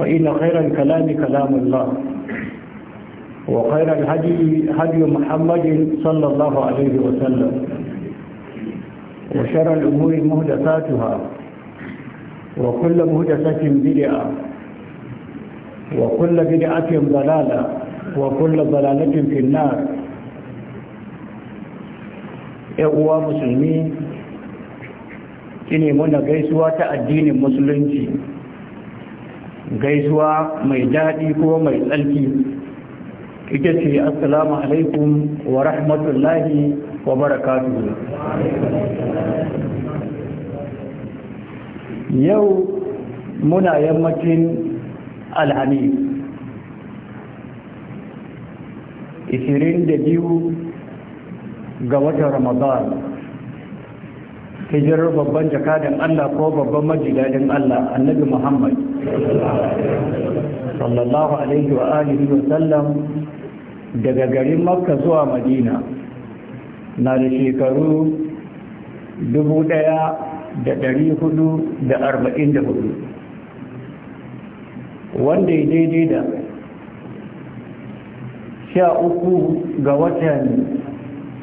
فإن خير الكلام كلام الله وخير الهدي هدي محمد صلى الله عليه وسلم وشر الأمور مهدساتها وكل مهدسة بدعة وكل بدعة ضلالة وكل ضلالة في النار إخوة مسلمين إني من gaisuwa ta addinin musulunci gaisuwa mai daɗi ko mai tsarki ita ce assalamu alaikum wa rahmatullahi wa barakatu yau muna yammacin alhani 22 ga watan ramadan hijirar babban jakadan Allah ko babban majidadin Allah annabi Muhammad sallallahu alaihi wa alihi wa sallam daga garin Makka zuwa Madina na da shekaru 1444 wanda ya daidai da sha uku ga watan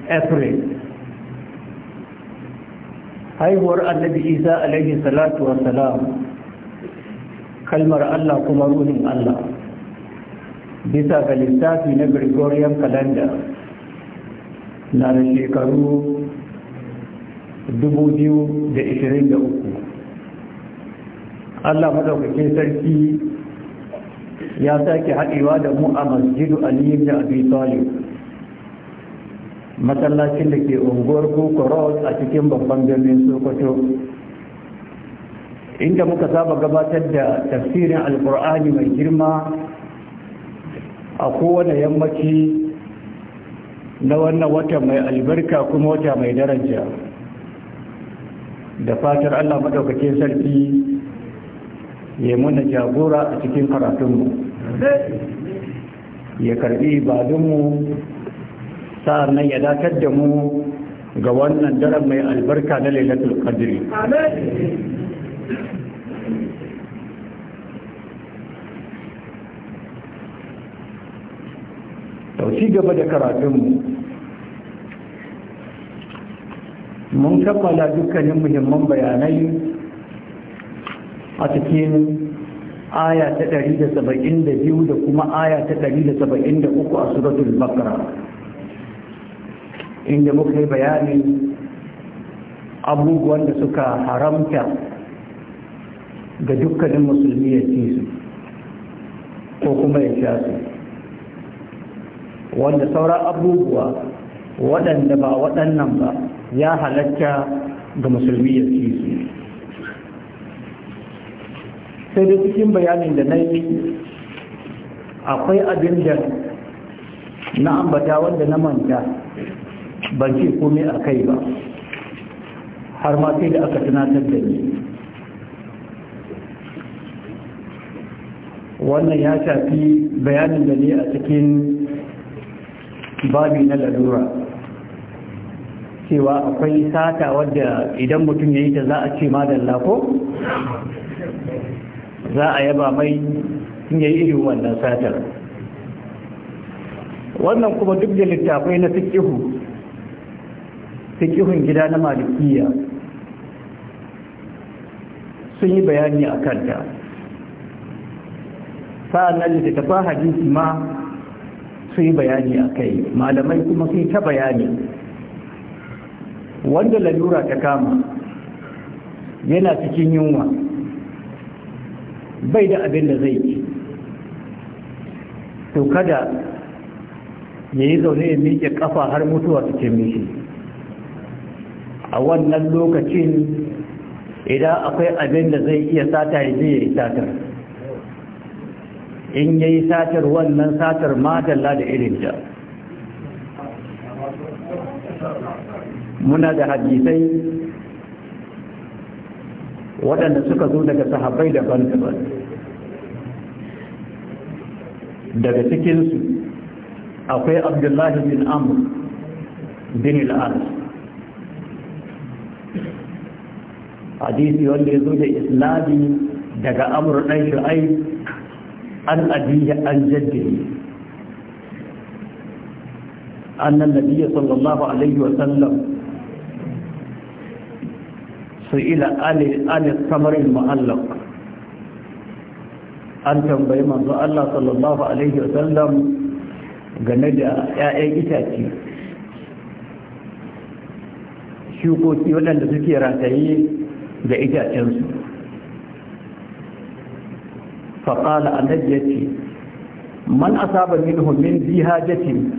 April haihuwar annabi isa alaihi salatu wa salam kalmar allah kuma ruhin allah bisa ga lissafi na gregorian calendar na da shekaru 2023 allah madaukakin sarki ya sake haɗewa da mu a masjidu aliyu da abi talib masallacin da ke unguwar kuka a cikin babban birnin sokoto inda muka saba gabatar da tafsirin alkur'ani mai girma a kowane yammaci na wannan wata mai albarka kuma wata mai daraja da fatar allah maɗaukakin sarki ya muna jagora a cikin karatunmu ya karɓi ibadunmu sa'ar nan ya dakar da mu ga wannan daren mai albarka na lalatul qadri Tauci gaba da karatunmu mun kammala dukkanin muhimman bayanai a cikin aya ta 172 da kuma aya ta 173 a suratul bakara inda muka yi bayanin abubuwan da suka haramta ga dukkanin musulmi ya ci su ko kuma ya sha su wanda sauran abubuwa waɗanda ba waɗannan ba ya halatta ga musulmi ya ci su sai da cikin bayanin da na yi akwai abin da na ambata wanda na manta ban ce komai a kai ba har ma sai da aka tunatar da ni wannan ya shafi bayanin da ne a cikin babi na lalura cewa akwai sata wadda idan mutum ya yi ta za a ce da ko za a yaba mai sun yi irin wannan satar wannan kuma duk da littafai na fikihu fiƙihun gida na malikiya sun yi bayani a kanta sa'annan littattafan hadisi ma sun yi bayani a kai malamai kuma sun ta bayani wanda lalura ta kama yana cikin yunwa bai da abin da zai ci to kada ya yi zaune ya miƙe ƙafa har mutuwa cikin mishi a wannan lokacin idan akwai abin da zai iya sata zai yi satar in ya yi satar wannan satar madalla da irinta muna da hadisai waɗanda suka zo daga sahabbai daban-daban daga cikinsu akwai abdullahi bin amur bin al'adu. hadisi wanda ya zo da islami daga amur ɗan shu'ai an abiya an jaddiri annan nabiya sallallahu alaihi wa sallam an tambayi manzo Allah sallallahu alaihi Sallam, game da 'ya'yan itace shukoki waɗanda suke rataye da itacensu faƙala annabi ya ce man asaba minhu min bihajatin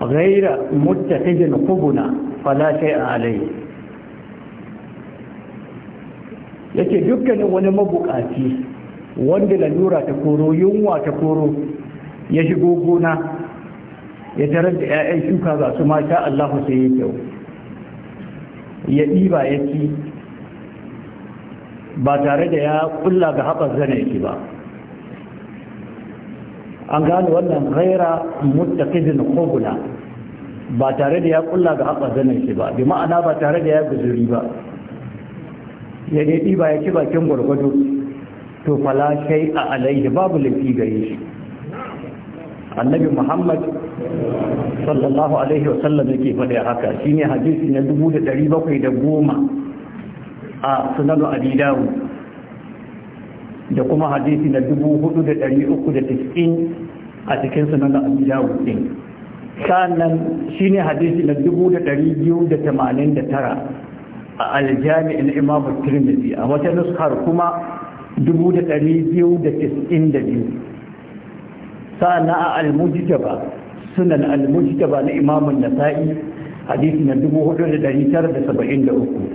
ghaira muttaqidin qubuna fala shay'a alayhi yake dukkanin wani mabukaci wanda lalura ta koro yunwa ta koro ya shigo gona ya tarar da 'ya'yan shuka za su mata Allah sai ya kyau ya ɗiba ya ci ba tare da ya kulla ga haɓar zane shi ba an gano wannan raira mutakidin kogula ba tare da ya kulla ga haɓar zane shi ba bi ma'ana ba tare da ya guzuri ba ya daidai ba ya ci bakin gwargwado to fala shai a alaihi babu laifi gare shi annabi muhammad sallallahu alaihi wasallam yake faɗi haka shine hadisi na 1710 a sunanu Abidawu da kuma hadisi na 4390 a cikin sunanu abi dawud din sannan shine hadisi na 2289 a aljami'in imam tirmidhi a wata nuskar kuma 2292 sannan a almujitaba, sunan almujitaba na imam an-nasa'i hadisi na 4973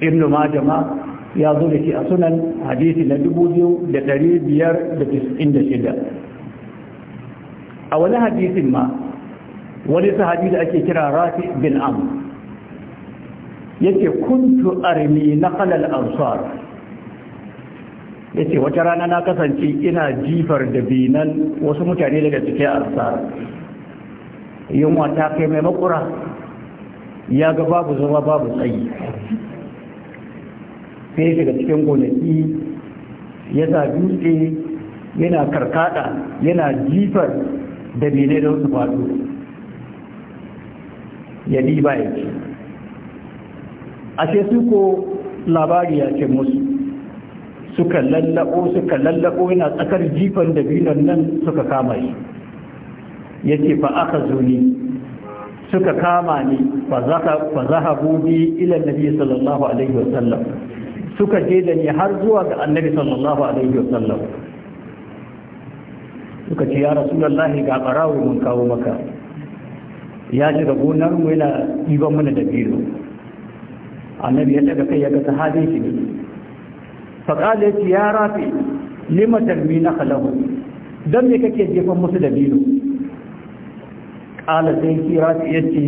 ibn majama ya zo da ke a sunan hadisi na 2596 a wani hadisin ma wani sahabi da ake kira rafi bin am yake kuntu armi na kalal ansar yace wata rana na kasance ina jifar da binan wasu mutane daga cikin ansar yunwa ta kai mai makura ya ga babu zama babu tsayi sai shiga cikin gonaki ya sa dutse yana karkada yana jifar da mene don su faɗo ya diba ya ce ashe su ko labari ya ce musu suka lallabo suka lallabo yana tsakar jifan da binan nan suka kama shi ya ce fa aka zo ne suka kama ba za zahabu bi ilan nabi sallallahu alaihi wasallam suka je da ni har zuwa ga annabi sallallahu alaihi wa sallam. suka ce ya rasulullahi ga barawo mun kawo maka ya ji da gonar mu yana ɗiban mana da biro annabi ya daga kai ya ga sahabin shi ne faƙala ya ce ya rafi lima tarmina na dan me kake jefan musu da biro ƙala sai ki rafi ya ce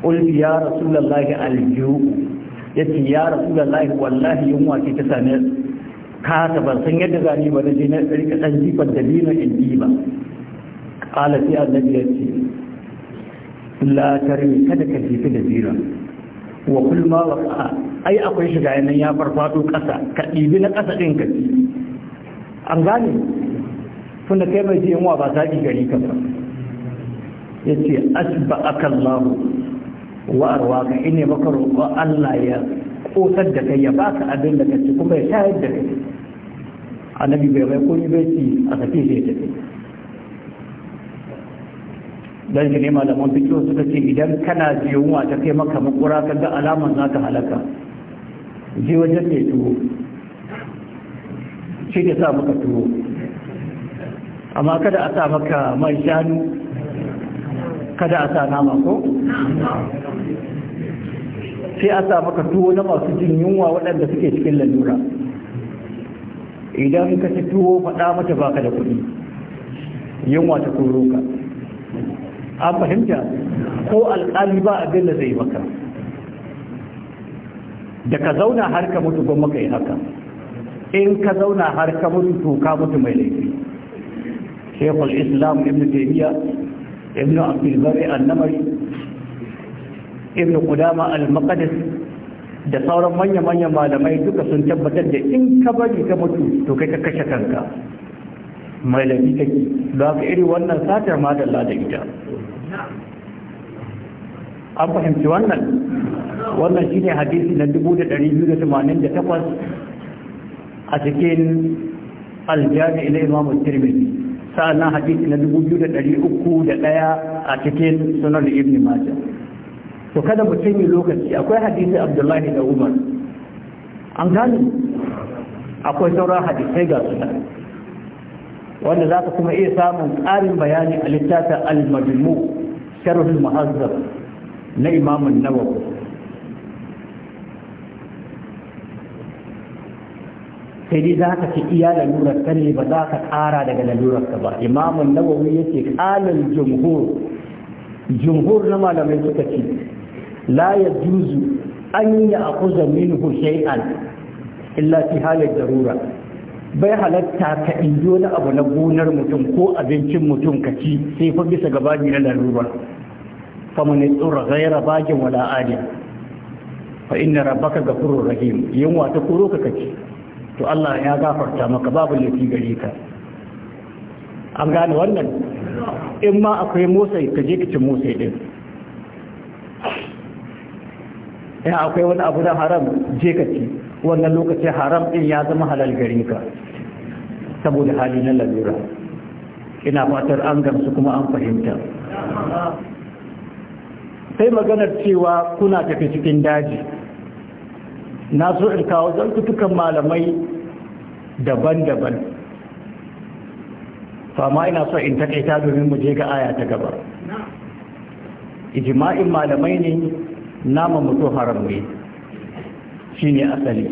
ƙulfi ya rasulullahi aljihu ya ce ya rasu da lahi wallahi yunwa ce ta same Kata ban san yadda zani ba na je na rika ɗan jifan da dina in ba. ƙala sai annabi ya ce la tare kada ka jifi da dina wa kulma wa ai akwai shiga yanan ya farfado ƙasa ka ɗibi na ƙasa ɗin ka ci an gane tunda kai mai ji wa ba saƙi gari ka ba ya ce asba lahu warwa ka ine maka roƙon Allah ya kosar da kai ya baka abin da kace kuma ya shayar da kai annabi bai bai ko bai ci a tafi sai tafi dan shi ne malaman fito suka ce idan kana jiyuwa ta kai maka makura ka ga alaman zaka halaka je wajen mai tuwo shi ta sa maka tuwo amma kada a sa maka mai shanu kada a sa nama ko sai a samu maka tuwo na masu jin yunwa waɗanda suke cikin lalura idan ka ci tuwo faɗa mata baka da kuɗi yunwa ta koro ka an fahimta ko alƙali ba abin da zai maka da ka zauna har ka mutu ba maka yi haka in ka zauna har ka mutu to ka mutu mai laifi shekul islam ibn taimiyya ibn abdulbari annamari ibn qudama al-maqdis da sauran manya-manyan malamai duka sun tabbatar da in ka bari ka mutu to kai ka kashe kanka Mai malami kake da ka iri wannan satar ma da Allah da ita an fahimci wannan wannan shine hadisi na 2288 a cikin aljami ila imam at-tirmidhi sa'an hadisi na 2301 a cikin sunan ibn majah to kada mu cinye lokaci akwai hadisi abdullahi da umar an gani akwai sauran hadisai ga suna wanda za ka kuma iya samun ƙarin bayani a littafin al-majmu sharhul Muazzab, na imamun nawawi sai dai za ka ci iya lalurar ne ba za ka ƙara daga lalurar ka ba imamun nawawi yake ƙalin jumhur jumhur na malamai suka ci la يجوز أن يأخذ منه شيئا إلا fi حال الضرورة bai halatta ka inji wani abu na gonar mutum ko abincin mutum ka ci sai fa bisa gabaji na larura mun tsura ghaira bagin wala adin fa inna rabbaka ghafurur rahim yin wata koro ka kace to Allah ya gafarta maka babu laifi gare ka an gane wannan in ma akwai motsai ka je ka ci motsai din in akwai wani abu da haram je ka ci wannan lokaci haram din ya zama halal gare ka saboda hali na lalura ina fatar an gamsu kuma an fahimta sai maganar cewa kuna tafi cikin daji na so in kawo zantutukan malamai daban-daban fama ina so in takaita domin mu je ga aya ta gaba Ijima'in malamai ne naman mutu haram ne shi ne asali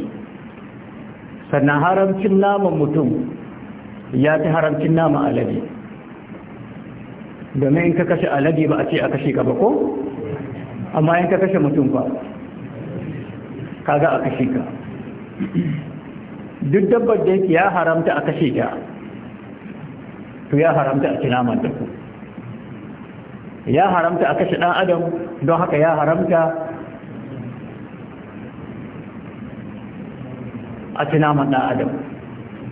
sannan haramcin naman mutum ya ta haramcin naman alade domin in ka kashe alade ba a ce a kashe ka ba ko amma in ka kashe mutum ba kaga a kashe ka duk dabbar da ya haramta a kashe ta to ya haramta a ci naman ta ku ya haramta a kashe ɗan adam don haka ya haramta a tunaman ɗan adam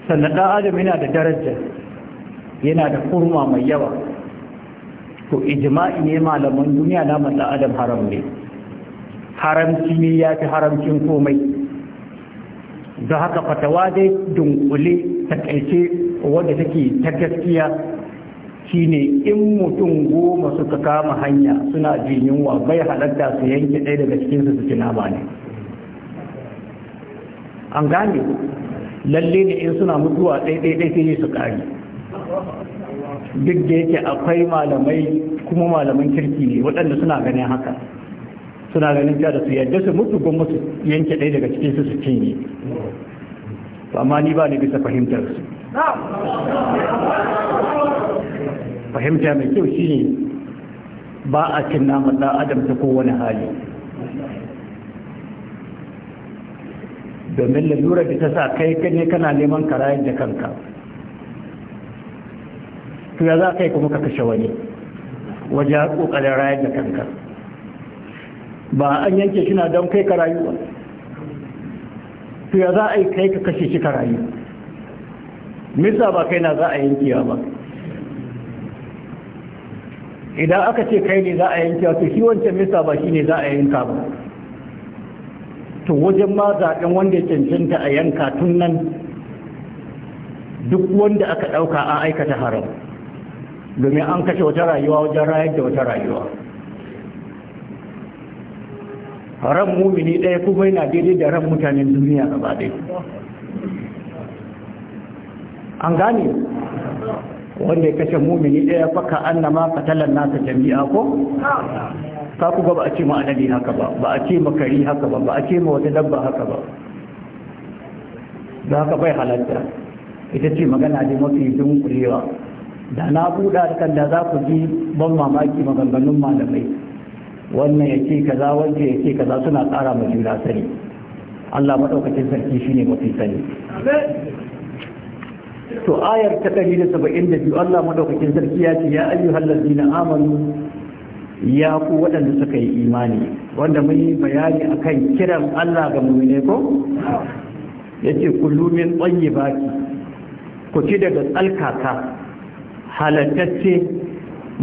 sannan ɗan adam yana da daraja yana da kurma mai yawa ko ijima'i ne malaman duniya naman ɗan adam haram ne haramci ne ya fi haramcin komai don haka fatawa dai dunkule ta takaice wadda take ta gaskiya shine in mutum goma suka kama hanya suna jinin wa bai halatta su yanke ɗaya daga cikinsu su ci nama ne an gane lalle ne in suna mutuwa ɗaiɗaiɗai sai su ƙari duk da yake akwai malamai kuma malaman kirki ne waɗanda suna ganin haka suna ganin da su yadda su mutu gwamma su yanke ɗaya daga cikin su su cinye amma ni ba ni bisa fahimtar su fahimta mai kyau shine ba a cin naman adam ta kowane hali domin lalura da ta sa kai ne kana neman karayar da kanka to ya za kai kuma ka kashe wani wajen kokarin rayar da kanka ba an yanke shi na don kai ka rayu ba to ya za a yi kai ka kashe shi ka rayu misa ba kai na za a yankewa ba idan aka ce kai ne za a yanka to shi wancan misa ba shi ne za a yanka ba to wajen ma zaɓen wanda cancanta a yanka tun nan duk wanda aka ɗauka a aikata haram domin an kashe wata rayuwa wajen rayar da wata rayuwa ran mumini ɗaya kuma yana daidai da ran mutanen duniya gaba ɗaya an gane wanda ya kashe mumini ɗaya faka an na ma fatalan nasa jami'a ko? ka ku ba a ce ma haka ba ba a ce ma haka ba ba a ce ma wata dabba haka ba Za haka bai halatta ita ce magana ne mafi dunkulewa da na buɗa kan da za ku ji ban mamaki maganganun malamai wannan ya ce kaza wanda ya ce kaza suna ƙara ma juna sani Allah maɗaukacin sarki shi ne mafi sani to ayar ta biyu Allah maɗaukakin sarki ya ce ya ayyuhal na amanu ya ku waɗanda suka yi imani wanda mun yi bayani akan kiran Allah ga mu'mine ko yace kullu min tayyibati ku ci daga tsalkaka halattacce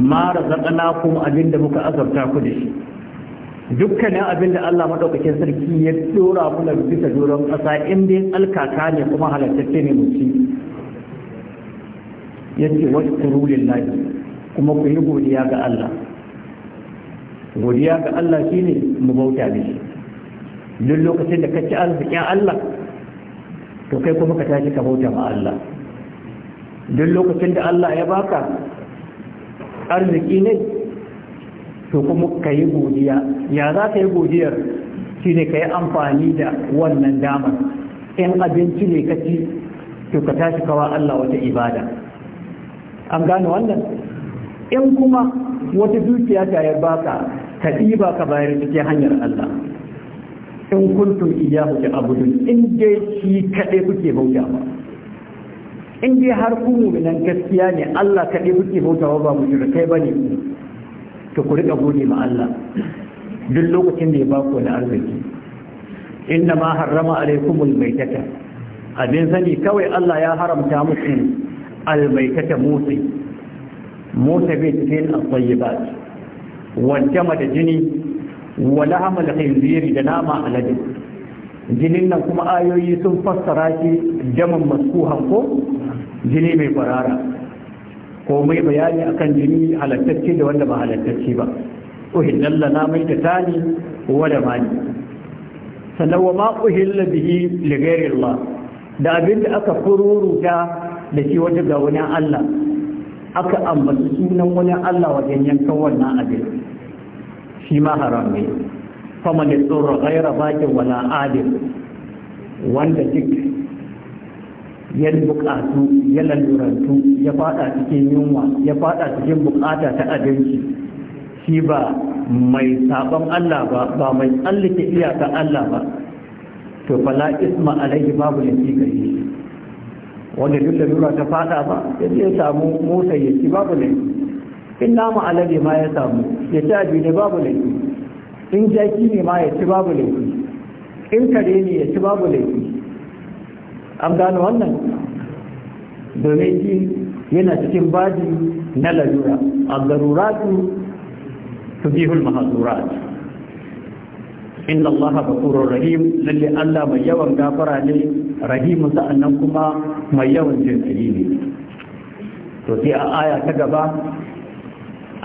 ma razaqnakum abinda muka azabta ku da shi dukkanin abinda da Allah maɗaukakin sarki ya dora mana bisa doron ƙasa in alkaka ne kuma halattacce ne mu ci yace wasu lillahi kuma ku yi godiya ga Allah godiya ga Allah shine mu bauta mishi duk lokacin da ka ci arzikin Allah to kai kuma ka tashi ka bauta ma Allah duk lokacin da Allah ya baka arziki ne to kuma ka yi godiya ya za ka yi godiyar shine ka yi amfani da wannan damar in abinci ne ka ci to ka tashi kawa Allah wata ibada an gane wannan in kuma wata dukiya ta ya baka ka ɗiba ka bayar cikin hanyar Allah in kuntum iyahu ta abudun in dai shi kaɗai kuke bauta ba in dai har ku nan gaskiya ne Allah kaɗai kuke bauta ba mu kai bane to ku riƙa gode ma Allah duk lokacin da ya ba ku wani arziki inna ma harrama alaikumul maitata abin sani kawai Allah ya haramta muku almaitata motsi motsa bai cikin alfayibat wajama da jini wala amal khinziri da nama alade jinin nan kuma ayoyi sun fassara shi daman maskuhan ko jini mai farara ko mai bayani akan jini halattacce da wanda ba halattacce ba uhillalla na mai ta tani wa da mani sannan wa ma uhilla bihi li ghairi Allah da abinda aka fururuta da shi wata ga wani Allah aka ambaci sunan wani Allah wajen yankan wannan abin shi ma haram ne fama da tsoron gaira bakin wala adil wanda duk ya bukatu ya lalurantu ya fada cikin yunwa ya fada cikin bukata ta abinci shi ba mai sabon Allah ba ba mai tsallake iyaka Allah ba to fala isma alaihi babu ne shi gare wanda duk da nuna ta fada ba ya je samu motsa ya ci babu laifi in namu alade ma ya samu ya ci abi ne babu laifi in jaki ne ma ya ci babu laifi in kare ne ya ci babu laifi an gano wannan domin ji yana cikin baji na lalura a garuratu tubihul mahazuratu inna allaha ghafurur rahim lalle Allah mai yawan gafara ne rahim sa'annan kuma mai yawan jinkiri ne to sai a aya ta gaba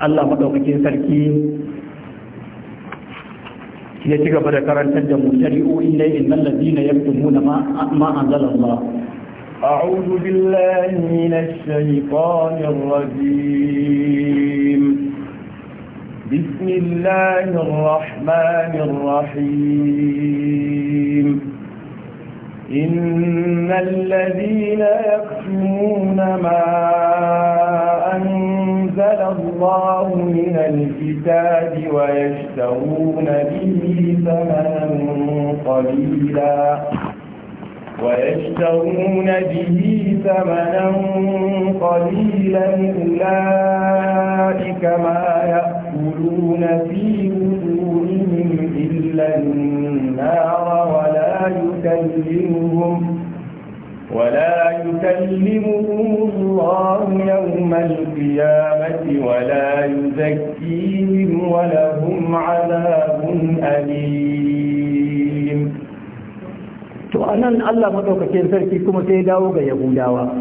Allah madaukakin sarki ya ci gaba da karantar da mu shari'o'i ne innal ladina yaktumuna ma ma anzala Allah أعوذ بالله من الشيطان الرجيم بسم الله الرحمن الرحيم إن الذين يكتمون ما أنزل الله من الكتاب ويشترون به ثمنا قليلا ويشترون به ثمنا قليلا أولئك ما يأكلون يأكلون في وجوههم إلا النار ولا يكلمهم ولا يكلمهم الله يوم القيامة ولا يزكيهم ولهم عذاب أليم to anan Allah madaukakin sarki kuma sai dawo ga Yahudawa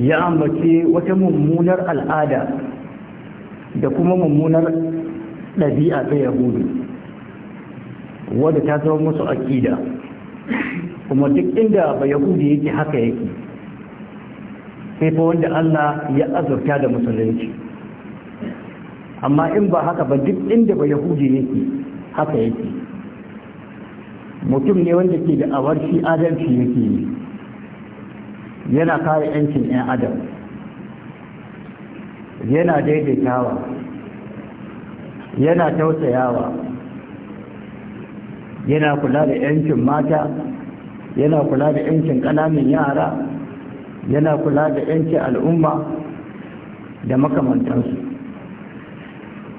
ya ambace wata mummunar al'ada da kuma mummunar ɗabi'a ta yahudu wadda ta zama musu aƙida kuma duk inda ba yahudu yake haka yake sai fa wanda Allah ya azurta da musulunci amma in ba haka ba duk inda ba yahudu yake haka yake mutum ne wanda ke da awar shi adalci yake yi yana kare 'yancin 'yan adam yana daidaitawa yana tausayawa yana kula da 'yancin mata yana kula da 'yancin kananan yara yana kula da 'yancin al'umma da makamantansu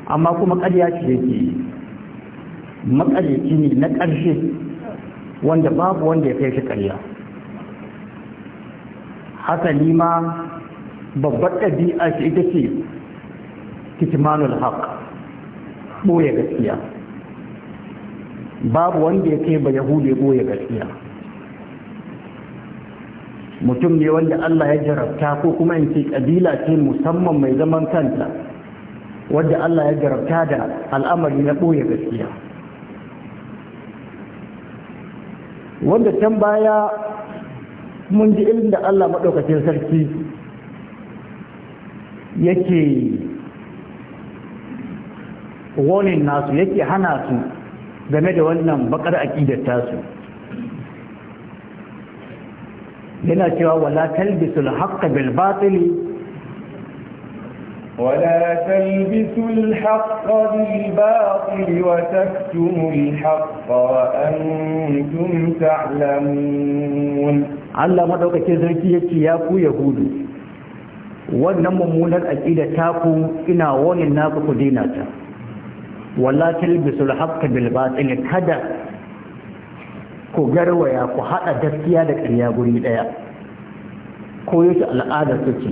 amma kuma ƙarya ce yake yi matsalaci ne na ƙarshe wanda babu wanda ya kai shi ƙarya hasali ma babbar ɗabi'a ce ita ce kitmanul haq ɓoye gaskiya babu wanda ya kai ba yahudu ɓoye gaskiya mutum ne wanda Allah ya jarabta ko kuma in ce ƙabila ce musamman mai zaman kanta wadda Allah ya jarabta da al'amari na ɓoye gaskiya wanda can baya mun ji inda Allah maɗaukacin sarki yake wani nasu yake hana su game da wannan bakar aƙidar tasu yana cewa wala talbisul haqqa bil batili ولا تلبسوا الحق بالباطل وتكتموا الحق وأنتم تعلمون Allah madaukakin sarki yake ya ku yahudu wannan mummunar aqida ta ku ina wani naku ku daina ta walla talbisul haqqi bil kada ku garwaya ku haɗa gaskiya da ƙarya guri ɗaya, ko yace al'ada suke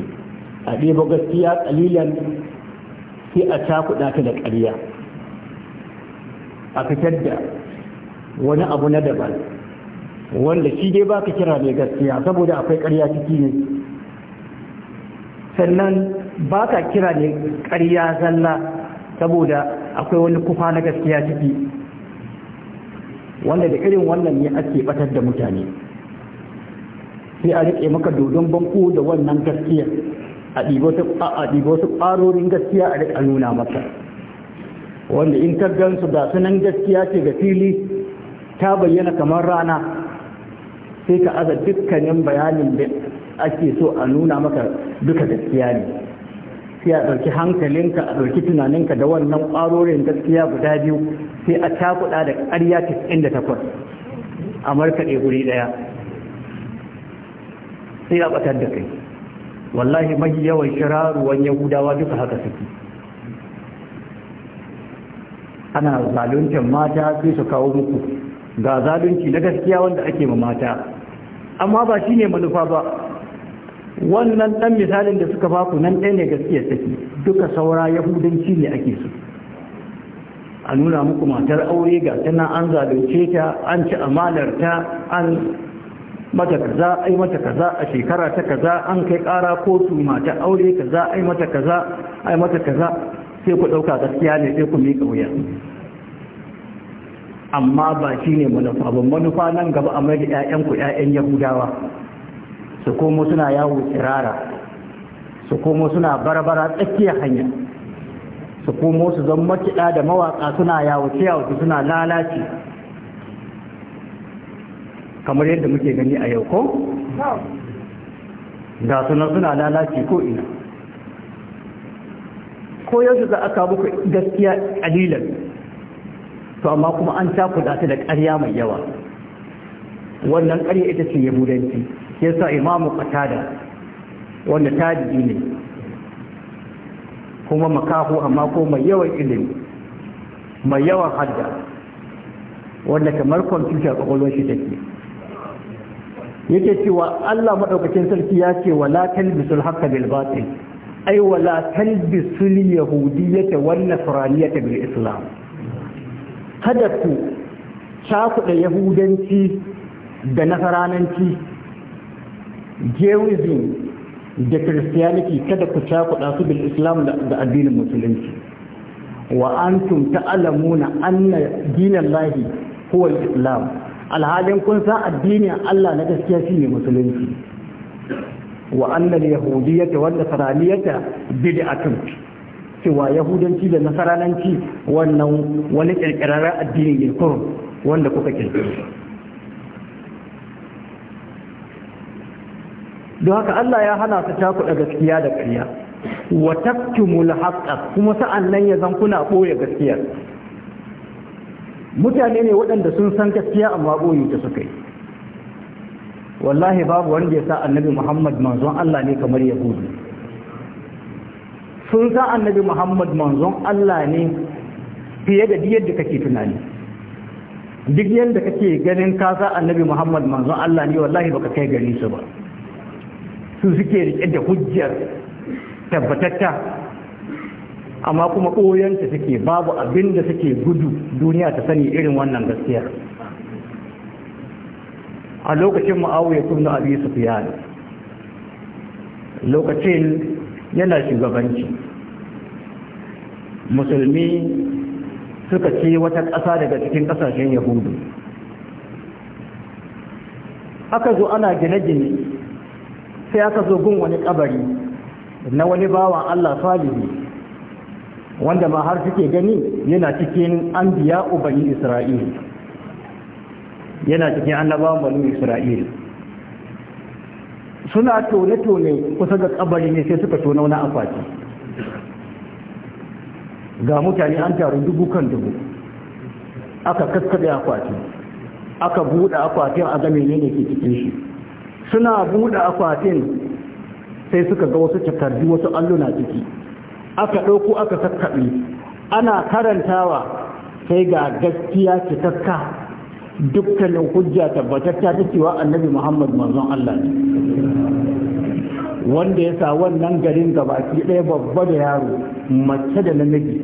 a ɗebo gaskiya ƙalilan sai a cakuɗa ta da ƙarya a fitar da wani abu na daban wanda shi dai ba ka kira mai gaskiya saboda akwai ƙarya ciki ne sannan ba ka kira ne ƙarya zalla saboda akwai wani kufa na gaskiya ciki wanda da irin wannan ne ake batar da mutane sai a riƙe maka dodon banku da wannan gaskiyar a ɗigo su ƙarorin gaskiya a nuna maka wanda in ta gansu ga sunan gaskiya ce ga fili ta bayyana kamar rana sai ka aza dukkanin bayanin da ake so a nuna maka duka gaskiya ne sai a ɗauki hankalinka a ɗauki tunaninka da wannan ƙarorin gaskiya guda biyu sai a cakuɗa da ƙarya takwas a markaɗe guri ɗaya sai a ɓatar da kai wallahi mahi yawan shiraruwan yahudawa duka haka suke ana zaluncin mata sai su kawo muku ga zalunci na gaskiya wanda ake ma mata amma ba shi ne manufa ba wannan dan misalin da suka baku nan ɗaya ne gaskiya take duka saura yahudanci ne ake su a nuna muku matar aure ga tana an zalunce ta an ci amanar ta an mata kaza ai mata kaza a shekara ta kaza an kai kara kotu mata aure kaza ai mata kaza ai mata kaza sai ku dauka gaskiya ne sai ku miƙa wuya amma ba shi ne manufa ba manufa nan gaba a maida 'ya'yanku ƴaƴan yahudawa su komo suna yawo tsirara su komo suna barbara tsakiyar hanya su komo su zama makiɗa da mawaka suna yawo ciyawa suna lalace kamar yadda muke gani a yau ko da sunan suna lalace ko ina ko yau za a kawo gaskiya kalilan to amma kuma an sha ta da ƙarya mai yawa wannan ƙarya ita ce budanci, ya sa imamu qatada wanda tajiji ne kuma makaho amma ko mai yawan ilimi mai yawan hadda wanda kamar kwamfuta ƙwaƙwalwar shi take yake cewa Allah maɗaukacin sarki ya ce wala talbisul haqqa bil batil ay wala talbisul yahudiyyata wan nasraniyyata bil islam kada ku cakuɗa yahudanci da nasarananci jewism da christianity kada ku cakuɗa su bil islam da addinin musulunci wa antum ta'lamuna anna dinallahi huwa al-islam alhalin kun san addinin Allah na gaskiya shine musulunci wa annal yahudiyyata wa nasraniyyata bid'atun cewa yahudanci da nasaranci wannan wani kirkirarar addini ne kurum wanda kuka kirkiro don haka Allah ya hana ta da gaskiya da ƙarya wa taktumul haqqa kuma sa'an nan ya zan kuna boye gaskiya mutane ne waɗanda sun san gaskiya amma ɓoye ta suka yi wallahi babu wanda ya sa annabi muhammad manzon allah ne kamar yahudu sun sa annabi muhammad manzon allah ne fiye da diyar da kake tunani duk yadda kake ganin ka sa annabi muhammad manzon allah ne wallahi baka kai gani su ba su suke rike da hujjar tabbatatta amma kuma ɓoyanta take babu abin da take gudu duniya ta sani irin wannan gaskiya a lokacin ma'awuyar kuma abi ne. lokacin yana shugabanci musulmi suka ce wata ƙasa daga cikin ƙasashen yahudu aka zo ana gine-gine sai aka zo gun wani ƙabari na wani bawan allah salihu wanda ma har suke gani yana cikin anbiya ubani isra'il yana cikin annabawan bani isra'il suna tone-tone kusa ga kabari ne sai suka tona wani afaki ga mutane an taru dubu kan dubu aka kaskade akwati aka buɗe akwatin a game ne ne ke cikin shi suna buɗe akwatin sai suka ga wasu takardu wasu alluna ciki aka ɗauko aka kakkaɓe ana karantawa sai ga gaskiya cikakka dukkanin hujja tabbatatta ta cewa annabi muhammad manzon allah ne wanda ya sa wannan garin gabaki ɗaya babba da yaro mace da namiji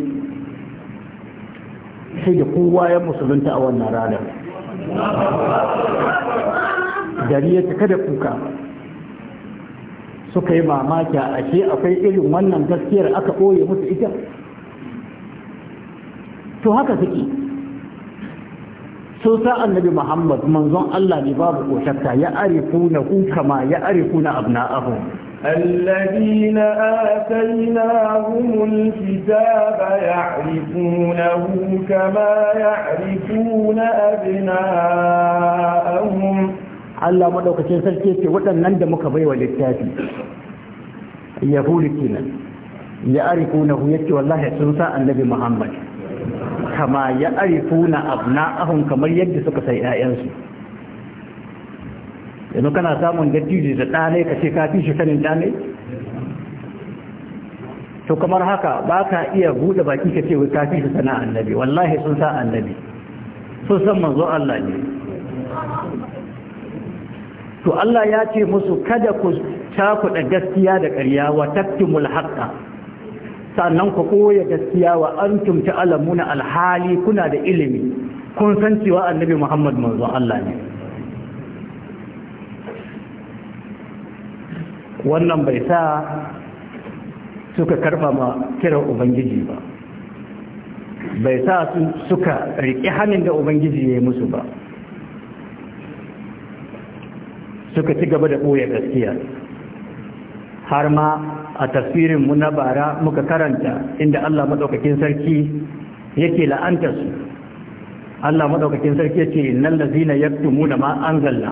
sai da kowa ya musulunta a wannan ranar gari ya cika da kuka suka yi mamaki a ashe akwai irin wannan gaskiyar aka ɓoye musu ita to haka suke so sa annabi muhammad manzon allah ne babu koshakta ya arifuna ku kama ya arifuna abna'ahu الذين آتيناهم الكتاب يعرفونه كما يعرفون أبناءهم Allah maɗaukacin sarki ce waɗannan da muka baiwa littafi Ya yahudu kenan ya arifunahu yace wallahi sun sa annabi Muhammad kama ya arifuna ahun kamar yadda suka sai ƴaƴansu yanzu kana samun dattijo da ɗanai ka ce ka shi sanin ɗanai? to kamar haka ba ka iya buɗe baki ka ce ka fi shi sana annabi wallahi sun sa annabi sun san manzo Allah ne to Allah ya ce musu kada ku da gaskiya da ƙarya wa tattimul haqqa sannan ku koya gaskiya wa antum ta'lamuna alhali kuna da ilimi kun san cewa annabi Muhammad manzo Allah ne wannan bai sa suka karba ma kiran ubangiji ba bai sa suka riƙi hannun da ubangiji ya yi musu ba suka ci gaba da ɓoye gaskiya har ma a tasirin mu na bara muka karanta inda Allah madaukakin sarki yake la'anta su Allah madaukakin sarki yake innal ladzina yaktumuna ma anzalna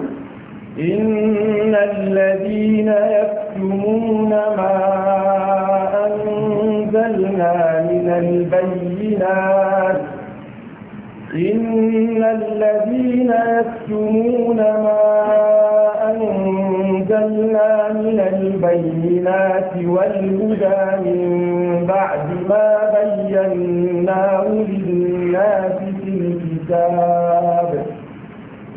innal ladzina yaktumuna ma anzalna minal bayyinati إن الذين يكتمون ما أنزلنا من البينات والهدى من بعد ما بيناه للناس في الكتاب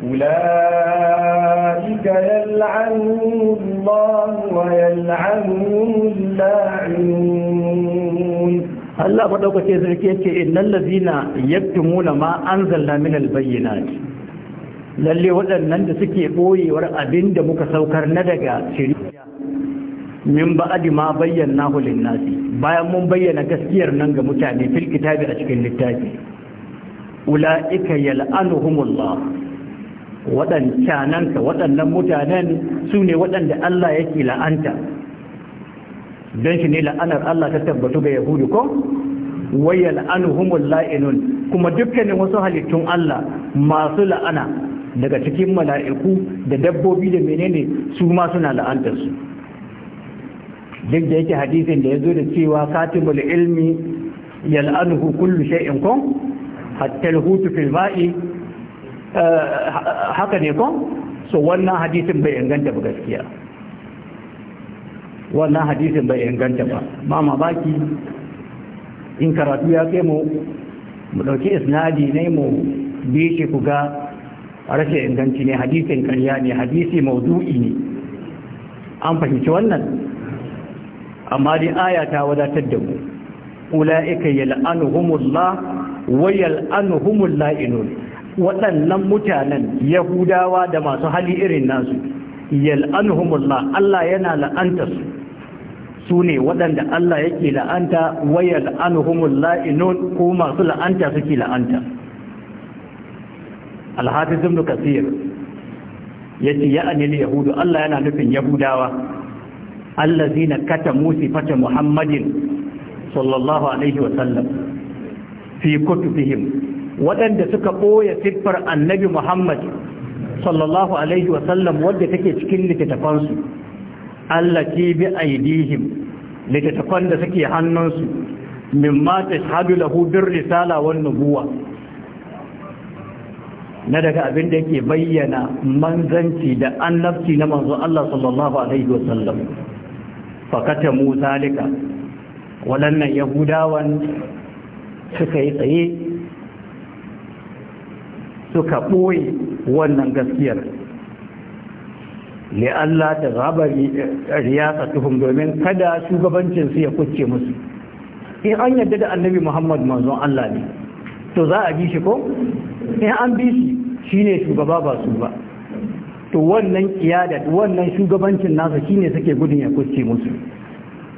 أولئك يلعنهم الله ويلعنهم اللاعنون Allah maɗaukace sarki yake innal ladina yaktumuna ma anzalna min albayyinat lalle waɗannan da suke boyewar abin da muka saukar na daga shari'a min adi ma bayyana hu nasi bayan mun bayyana gaskiyar nan ga mutane fil kitabi a cikin littafi ulaika yal'anuhumullah waɗancanan ka waɗannan mutanen su ne waɗanda Allah yake la'anta don shi ne la'anar Allah ta tabbatu ga yahudu ko wayya la'anuhumul la'inun kuma dukkanin wasu halittun Allah masu la'ana daga cikin mala'iku da dabbobi da menene su ma suna la'antar su duk da yake hadisin da ya zo da cewa katibul ilmi yal'anuhu kullu shay'in kun hatta hutu fil ma'i eh, haka ne ko? so wannan hadisin bai inganta ba gaskiya wannan hadisin bai inganta ba ba ma baki in karatu ya kai mu mu ɗauki isnadi ne mu bi shi ku ga rashin inganci ne hadisin ƙarya ne hadisi maudu'i ne an fahimci wannan amma dai aya ta wadatar da mu ula'ika yal'anuhumullah wa yal'anuhumul la'inun waɗannan mutanen yahudawa da masu hali irin nasu yal'anuhumullah Allah yana la'anta su su ne waɗanda Allah yake la'anta wayar anuhumun la'inun ko masu la'anta suke la'anta alhafizin da kasir ya ce ya anil yahudu Allah yana nufin yahudawa allazi na kata musifata muhammadin sallallahu alaihi wasallam fi kutubihim waɗanda suka ɓoye siffar annabi muhammad sallallahu alaihi wasallam wadda take cikin littattafansu allati bi aidihim littattafan da suke hannunsu mimma tashhadu lahu risala wan nubuwa na daga abin da yake bayyana manzanci da annabci na manzo Allah sallallahu alaihi wasallam fakata mu zalika waɗannan yahudawan suka yi tsaye suka ɓoye wannan gaskiyar Allah ta zaba eh, riyasa tuhum domin kada shugabancin su ya kucce musu in an yadda da annabi muhammad manzon allah ne to za a bi shi ko in an bi shi shine shugaba ba su ba to wannan kiyada wannan shugabancin nasa shine suke gudun ya kuce musu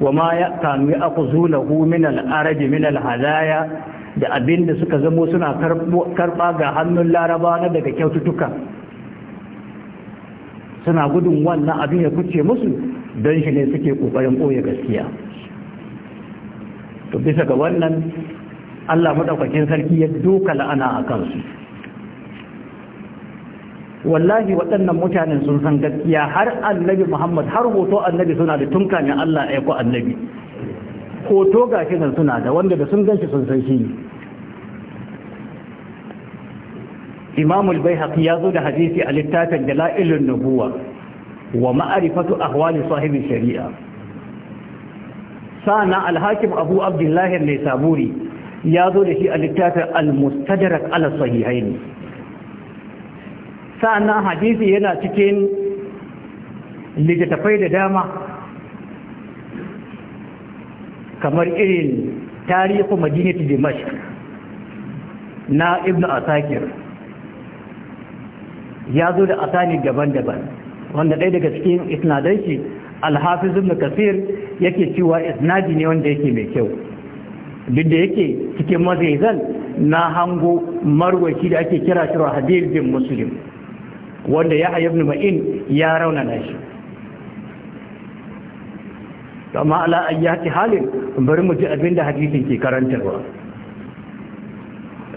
wa ma ya kanu ya akuzulahu min al-arabi min al-hadaya da abinda suka zamo suna karba ga hannun laraba na daga kyaututtuka suna gudun wannan abin ya kuce musu don shi ne suke ƙoƙarin ɓoye gaskiya to bisa ga wannan allah maɗaukakin sarki ya doka la'ana a kansu wallahi waɗannan mutanen sun san gaskiya har annabi muhammad har hoto annabi suna da tun kamin allah aiko annabi hoto ga nan suna da wanda da sun ganshi sun san shi imam al-baihaqi ya zo da hadisi a littafin dalailun nubuwa wa ma'rifatu ahwali sahibi shari'a sana al-hakim abu abdullahi al-nisaburi ya zo da shi a littafin al-mustadrak ala sahihain sana hadisi yana cikin littattafai da dama kamar irin tarihi madinatu dimashq na ibnu asakir ya zo da asani daban-daban wanda ɗaya daga cikin isnadai shi alhafiz ibn kasir yake cewa isnadi ne wanda yake mai kyau duk da yake cikin mazaizan na hango marwaki da ake kira shi hadith bin muslim wanda ya ibn ma'in ya raunana shi amma ala ayyati halin bari mu ji abinda hadisin ke karantarwa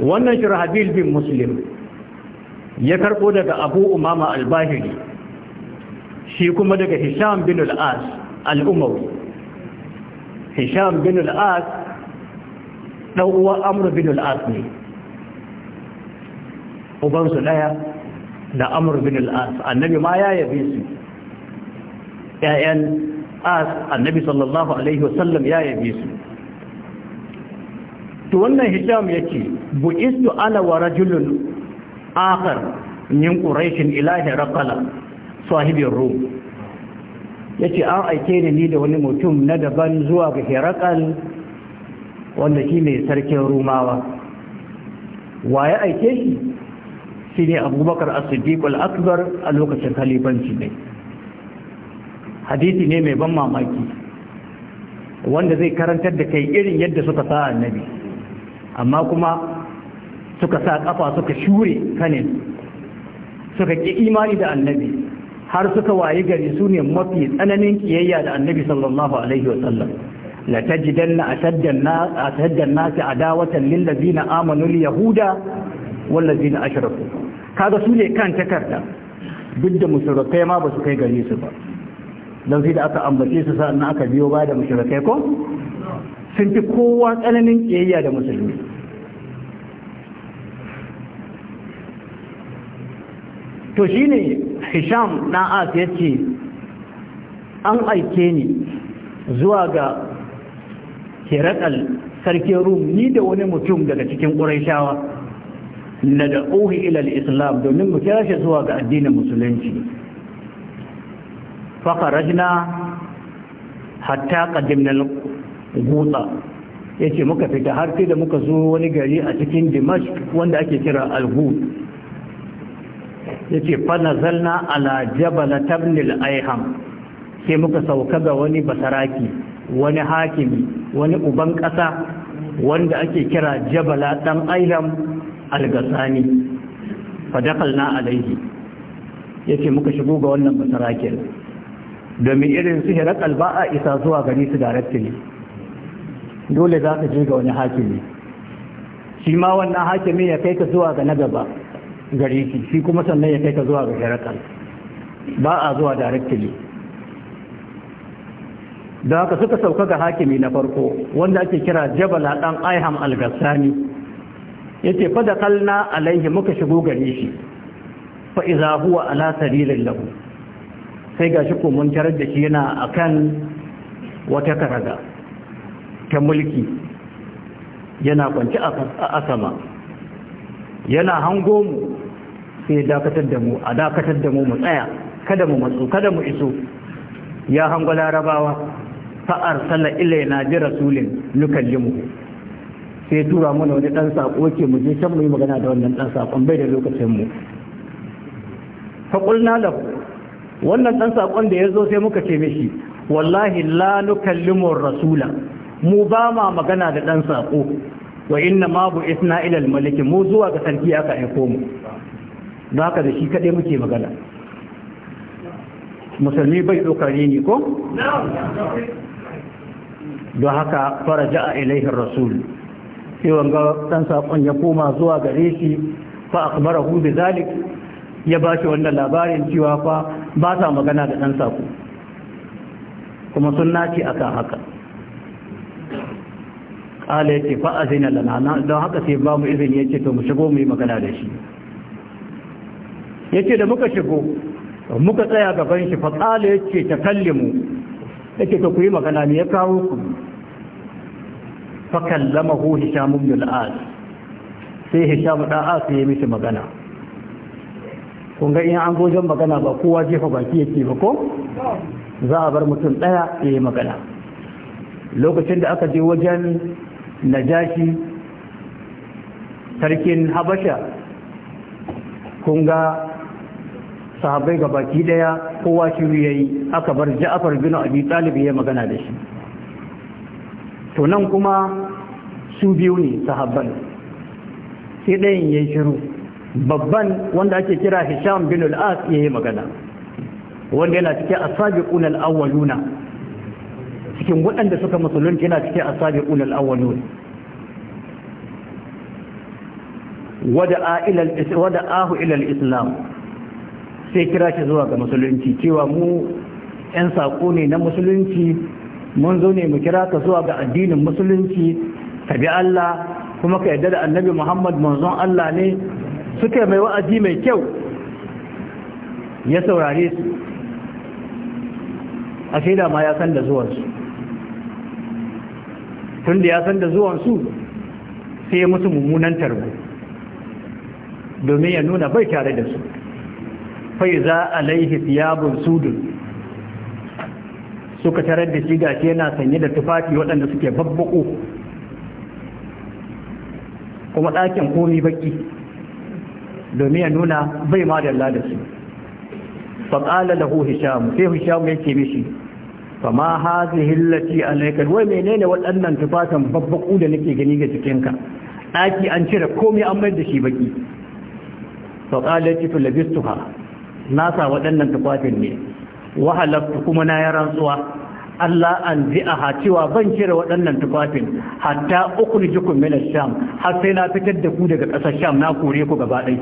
wannan shirhabil bin muslim ya karbo daga abu umama al-bahiri shi kuma daga hisham bin al-as al-umawi hisham bin al-as dan uwa amr bin al-as ne uban su daya da amr bin al-as annabi ma ya yabe su ƴaƴan as annabi sallallahu alaihi wasallam ya yabe su to wannan hisham yake bu'istu ana wa rajulun akhar min ƙuraishin ila hirqala sahibin rum yace an aike ni da wani mutum na daban zuwa ga hirqal wanda shi ne sarkin rumawa wa ya aike shi shi ne abubakar as-siddiq akbar a lokacin Kalibanci ne hadisi ne mai ban mamaki wanda zai karantar da kai irin yadda suka sa annabi amma kuma suka sa kafa suka shure kanin suka ƙi imani da annabi har suka wayi gari su ne mafi tsananin ƙiyayya da annabi sallallahu alaihi wa sallam la tajidanna ashaddan nasi adawatan lil ladina amanu lil yahuda wal ladina ashraku kaga su ne kan takarda duk da mushrikai ma ba su kai gare su ba dan sai da aka ambace su sa'an aka biyo ba da mushrikai ko sun fi kowa tsananin kiyayya da musulmi to shi ne hisham na ya ce an aike ni zuwa ga hirakal Sarki rum ni da wani mutum daga cikin ƙuraishawa na da ohi ilal islam domin mu kira shi zuwa ga addinin musulunci fakarajna hatta ƙadimnal gutsa ya ce muka fita har sai da muka zo wani gari a cikin Dimash wanda ake kira al-gut yace fa nazalna ala jabal tabnil aiham sai muka sauka ga wani basaraki wani hakimi wani uban ƙasa wanda ake kira jabala ɗan aiham algasani fadakal na alaihi ya ce muka shigo ga wannan basarakin domin irin su hirakal kalba a isa zuwa gani su darakti dole za ka je ga wani hakimi shi ma wannan hakimi ya kai ka zuwa ga na gaba gare shi shi kuma sannan ya kai ka zuwa ga sharakan ba a zuwa directly da haka suka sauka ga hakimi na farko wanda ake kira jabala dan aiham al-gassani yace fa da kalna alaihi muka shigo gare shi fa iza huwa ala sarilin lahu sai gashi ko mun tarar da shi yana akan wata karaga ta mulki yana kwanci a sama yana hango mu sai dakatar da mu a dakatar da mu mu tsaya kada mu matsu kada mu iso ya hango larabawa fa'ar sala ilaina bi rasulin nukallimu sai tura mana wani dan sako ke mu je can mu yi magana da wannan dan sakon bai da lokacin mu fa qulna lahu wannan dan sakon da yazo sai muka ce mishi wallahi la nukallimu rasula mu ba ma magana da dan sako wa inna ma bu isna ila al-malik mu zuwa ga sarki aka aiko mu Ba ka da shi kaɗai muke magana musulmi bai tsokari ne ko? don haka ja a ilaihin rasul sai wanga ɗan saƙon ya koma zuwa gare shi fa akbara hu bi zalik ya ba shi wannan labarin cewa fa ba sa magana da ɗan saƙo kuma sun a kan haka ƙala yake fa azina lana don haka sai ba mu izini ya ce to mu shigo mu yi magana da shi yace da muka shigo muka tsaya gaban shi fatsala ce ta kallimu yace to ku yi magana ne ya kawo ku fa kallamahu hishamun yul'ad sai hishamun ɗa'a su ya mishi magana kun ga in an gojon magana ba kowa jefa baki ya ce ba ko za a bar mutum ɗaya ya yi magana lokacin da aka je wajen najashi sarkin habasha kun ga sahabbai ga baki daya kowa shiru yayi aka bar Ja'far bin Abi Talib ya magana da shi to nan kuma su biyu ne sahabban sai ɗayan yayi shiru babban wanda ake kira Hisham bin al-As yayi magana wanda yana cikin asabiqun al-awwaluna cikin waɗanda suka musulunci yana cikin asabiqun al-awwaluna wada'ahu ila al-islam sai kira shi zuwa ga musulunci cewa mu 'yan saƙo ne na musulunci mun zo ne mu kira ka zuwa ga addinin musulunci ka bi Allah kuma ka yarda da annabi Muhammad manzon Allah ne suka mai wa'azi mai kyau ya saurare su a shaida ma ya san da zuwansu tun da ya san da zuwansu sai ya musu mummunan tarbo domin ya nuna bai tare da su faiza alaihi thiyabun sudun suka tarar da shi gashi yana sanye da tufafi waɗanda suke babbako kuma ɗakin komi baki domin ya nuna bai ma da Allah da su faƙala lahu hisham sai hisham yake mishi ma hazihi allati alayka wai menene waɗannan tufafin babbaku da nake gani ga jikinka ɗaki an cire komai an mai da shi baki faƙala ce to labistuha nasa waɗannan tufafin ne wahalaftu kuma na yi rantsuwa Allah an a cewa ban cire waɗannan tufafin hatta ne min ash-sham har sai na fitar da ku daga ƙasar sham na kore ku gaba ɗai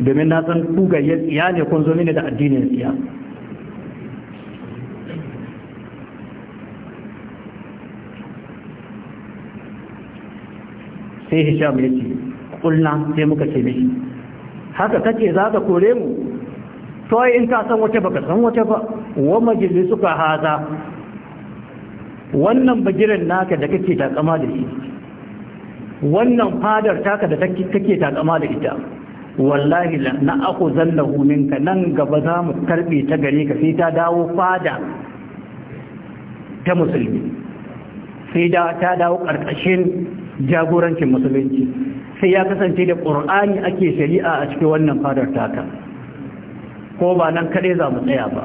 domin na san ku ga ya ne kun zo mini da addinin tsiya sai hisham ya ce ƙulna sai muka ce mishi haka kake za ka kore mu to in ka san wata baka san wata ba wa suka haza wannan bagiren naka da kake takama da shi wannan fadar taka da kake takama da ita wallahi na aku zallahu minka nan gaba za mu karbe ta gare ka sai ta dawo fada ta musulmi sai da ta dawo karkashin jagorancin musulunci sai ya kasance da ƙur'ani ake shari'a a cikin wannan fadar taka ko ba nan kaɗai za mu tsaya ba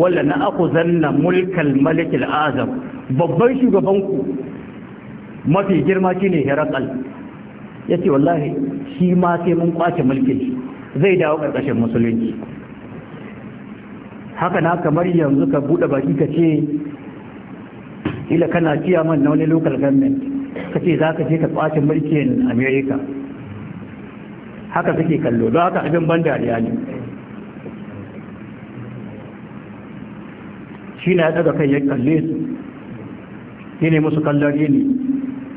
wala na aku zanna mulkal malikil azam babban shugabanku mafi girma shi ne herakal ya ce wallahi shi ma sai mun kwace mulkin shi zai dawo ƙarƙashin musulunci haka na kamar yanzu ka buɗe baki ka ce ila kana man na wani local government ka ce za ka je ka kwace mulkin america haka kake kallo don haka abin ban dariya ne shi na daga kai ya kalle su shi ne musu kallari ne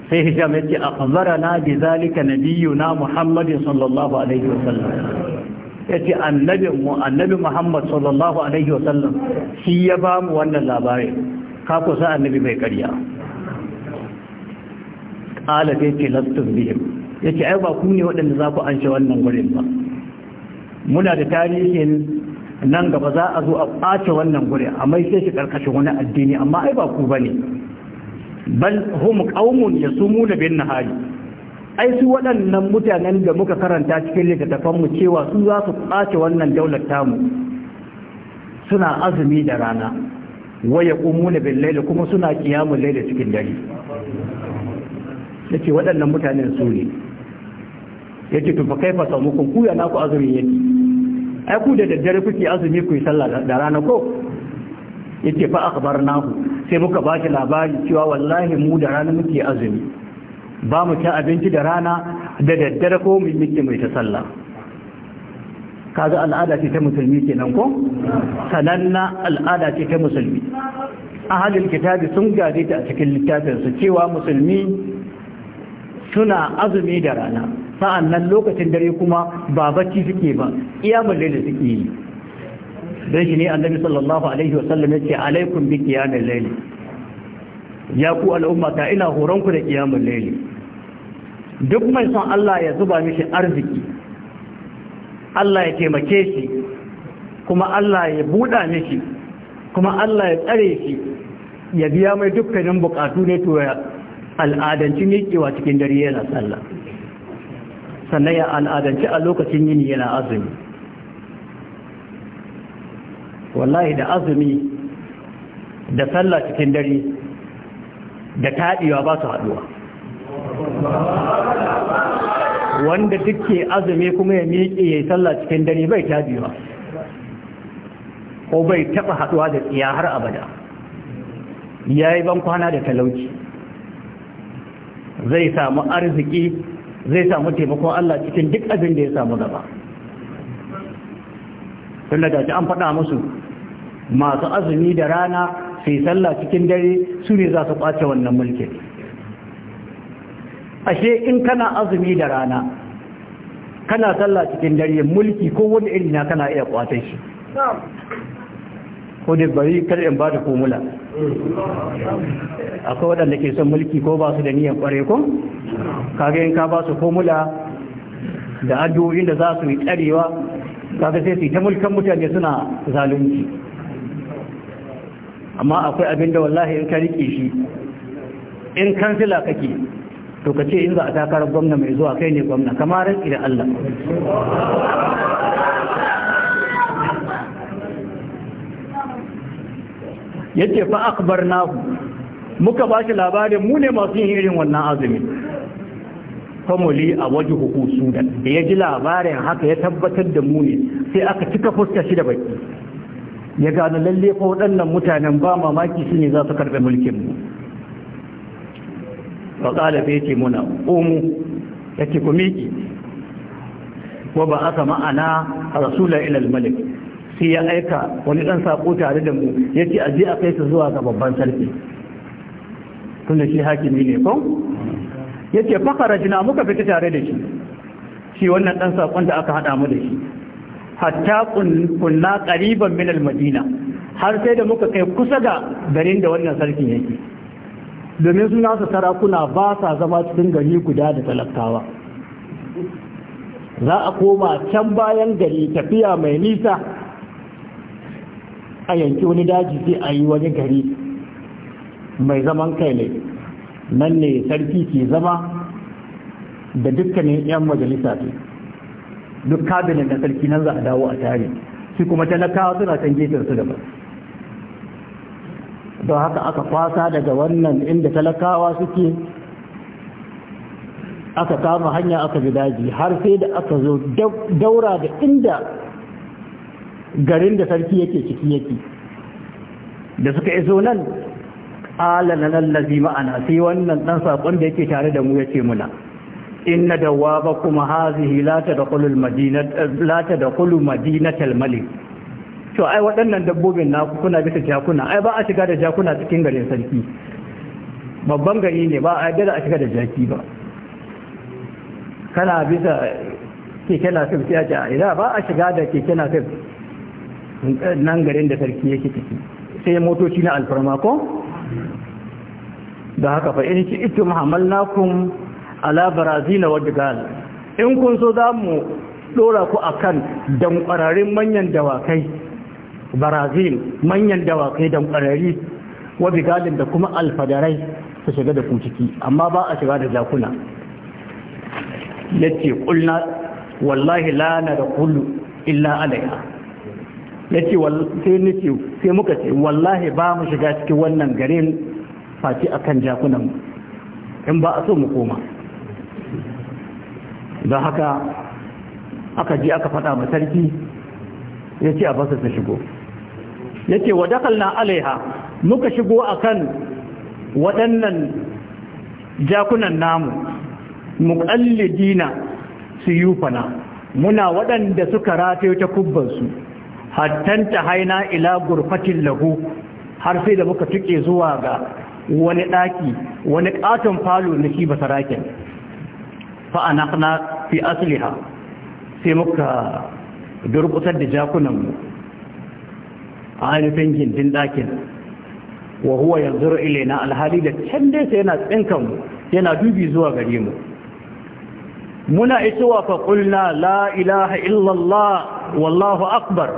sai hijab ya ce a kazara na bi zalika biyu na muhammadin sallallahu alaihi wasallam ya ce annabi muhammad sallallahu alaihi wasallam shi ya ba mu wannan labarin kako sa annabi bai karya ƙala ta ce lastun bihim ya ce ai ba ku ne waɗanda za ku an wannan gurin ba muna da tarihin nan gaba za a zo a ɓace wannan guri a mai sai shi ƙarƙashin wani addini amma ai ba ku ba ne bal ya qaumun yasumuna bin hali. ai su waɗannan mutanen da muka karanta cikin littattafan mu cewa su za su ɓace wannan daular tamu suna azumi da rana waya na bin laila kuma suna ƙiyamun laila cikin dare yake waɗannan mutanen su ne yake to fa kaifa samukum ku ya naku azumin yake ai ku da daddare kuke azumi ku yi sallah da rana ko yace fa akhbarnahu sai muka ba shi labari cewa wallahi mu da rana muke azumi ba mu ci abinci da rana da daddare ko mu muke mai ta sallah kaga al'ada ce ta musulmi kenan ko sananna al'ada ce ta musulmi ahalin kitabi sun gaje ta a cikin littafin su cewa musulmi suna azumi da rana sa'an nan lokacin dare kuma ba bacci suke ba iya da suke yi don shi ne annabi sallallahu alaihi wasallam ya ce alaikum bi kiyamun laili ya ku al'umma ta ina horonku da kiyamun laili duk mai son Allah ya zuba mishi arziki Allah ya taimake shi kuma Allah ya buɗa mishi kuma Allah ya tsare shi ya biya mai dukkanin bukatu ne to al'adanci ne kewa cikin dare yana sallah sannan ya al'adance a lokacin yini yana azumi wallahi da azumi da sallah cikin dare da taɗiwa ba su haɗuwa wanda dukke azumi kuma ya miƙe ya yi sallah cikin dare bai taɗiwa ko bai taɓa haɗuwa da tsiya har abada ya yi ban kwana da talauci zai samu arziki zai samu taimakon Allah cikin duk abin da ya samu gaba Tunda da an faɗa musu masu azumi da rana sai salla cikin dare su ne za su ƙwace wannan mulkin ashe in kana azumi da rana kana salla cikin dare mulki ko wani iri na kana iya ƙwace shi ko da bari kar in ba da komula akwai waɗanda ke son mulki ko ba su da niyan ƙware kun kaga in ka ba su formula da addu'o'in da za su yi tsarewa kaga sai su ta mulkan mutane suna zalunci amma akwai abin da wallahi in ka rike shi in kansila kake to ka ce in za a takarar gwamna mai zuwa kai ne gwamna kamar idan Allah yace fa akbarnahu muka ba shi labarin mu ne masu yin irin wannan azumin. famuli a waje huku sudan da ya ji labarin haka ya tabbatar da mu ne sai aka cika fuska shi da baki ya gano lalle fa waɗannan mutanen ba mamaki su ne za su karɓe mulkin mu fa ƙala fa ce muna umu yace ku miki wa ba aka ma'ana rasula ilal malik sai ya aika wani ɗan saƙo tare da mu yace aje a kai su zuwa ga babban sarki tunda shi hakimi ne ko Yake fakara jina muka fita tare da shi shi wannan ɗan sakon da aka haɗa mu da shi hatta kunna qariban minal madina har sai da muka kai kusa ga garin da wannan sarkin yake domin suna su sarakuna ba sa zama cikin gari guda da talakawa za a koma can bayan gari tafiya mai nisa a yanki wani daji sai a yi wani gari mai zaman kai ne nan ne sarki ke zama da dukkanin 'yan majalisa ne duk kabinin na sarki nan za a dawo a tare shi kuma talakawa suna can gefensu daban don haka aka kwasa daga wannan inda talakawa suke aka kama hanya aka bi daji har sai da aka zo daura da inda garin da sarki yake ciki yake da suka iso nan qala lana allazi ma'ana sai wannan dan sakon da yake tare da mu yace muna inna kuma hazihi la tadkhulu almadinata la tadkhulu madinatal malik to ai waɗannan dabbobin ku kuna bisa jakuna ai ba a shiga da jakuna cikin garin sarki babban gari ne ba a yadda a shiga da jaki ba kana bisa keke nasif sai a ce a ila ba a shiga da keke nasif nan garin da sarki yake ciki sai motoci na alfarma ko da haka fa in ki itum hamalnakum ala barazina wa in kun so za mu dora ku akan damƙararin manyan dawakai barazin manyan dawakai damƙarari wa da kuma alfadarai su shiga da ku ciki amma ba a shiga da jakuna yace kulna wallahi la na da kullu illa alaiha yace sai nace sai muka ce wallahi ba mu shiga cikin wannan garin faci akan jakunan in ba a so mu koma don haka aka je aka fada ma sarki yace a basa ta shigo yace wa dakalna alaiha muka shigo akan waɗannan jakunan namu dina su suyufana muna waɗanda suka rataye ta kubbansu hattanta haina ila gurfatin lahu har sai da muka tuke zuwa ga wani ɗaki wani ƙaton falo na shi ba sarakin fa'anakna fi asliha sai muka durkutar da jakunan mu. a ainihin gindin ɗakin wa huwa yanzu ilaina alhali da can dai sai yana mu yana dubi zuwa gare mu muna isowa fa qulna la ilaha illallah wallahu akbar